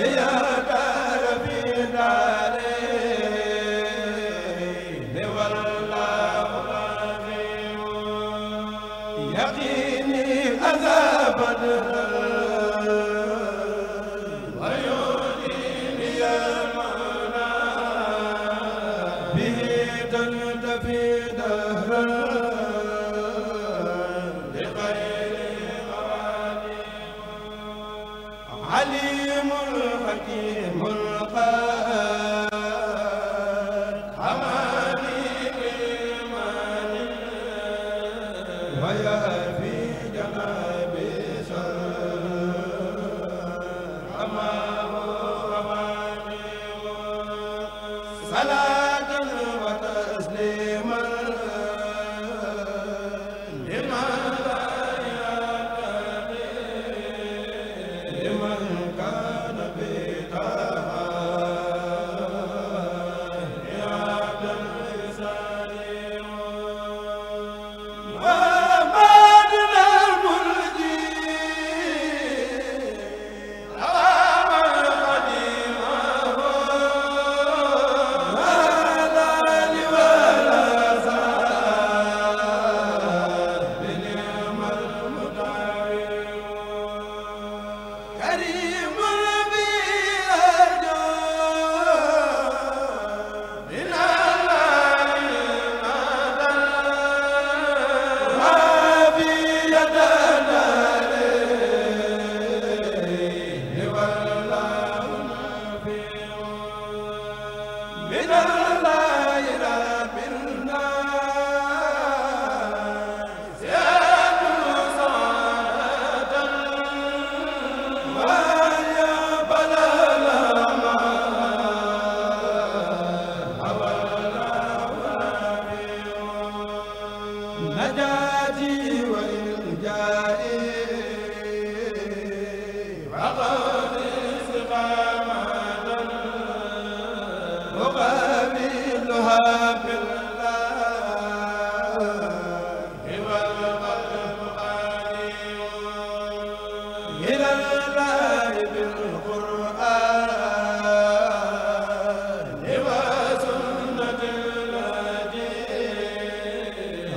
ya عليم الحكيم الخبير najaati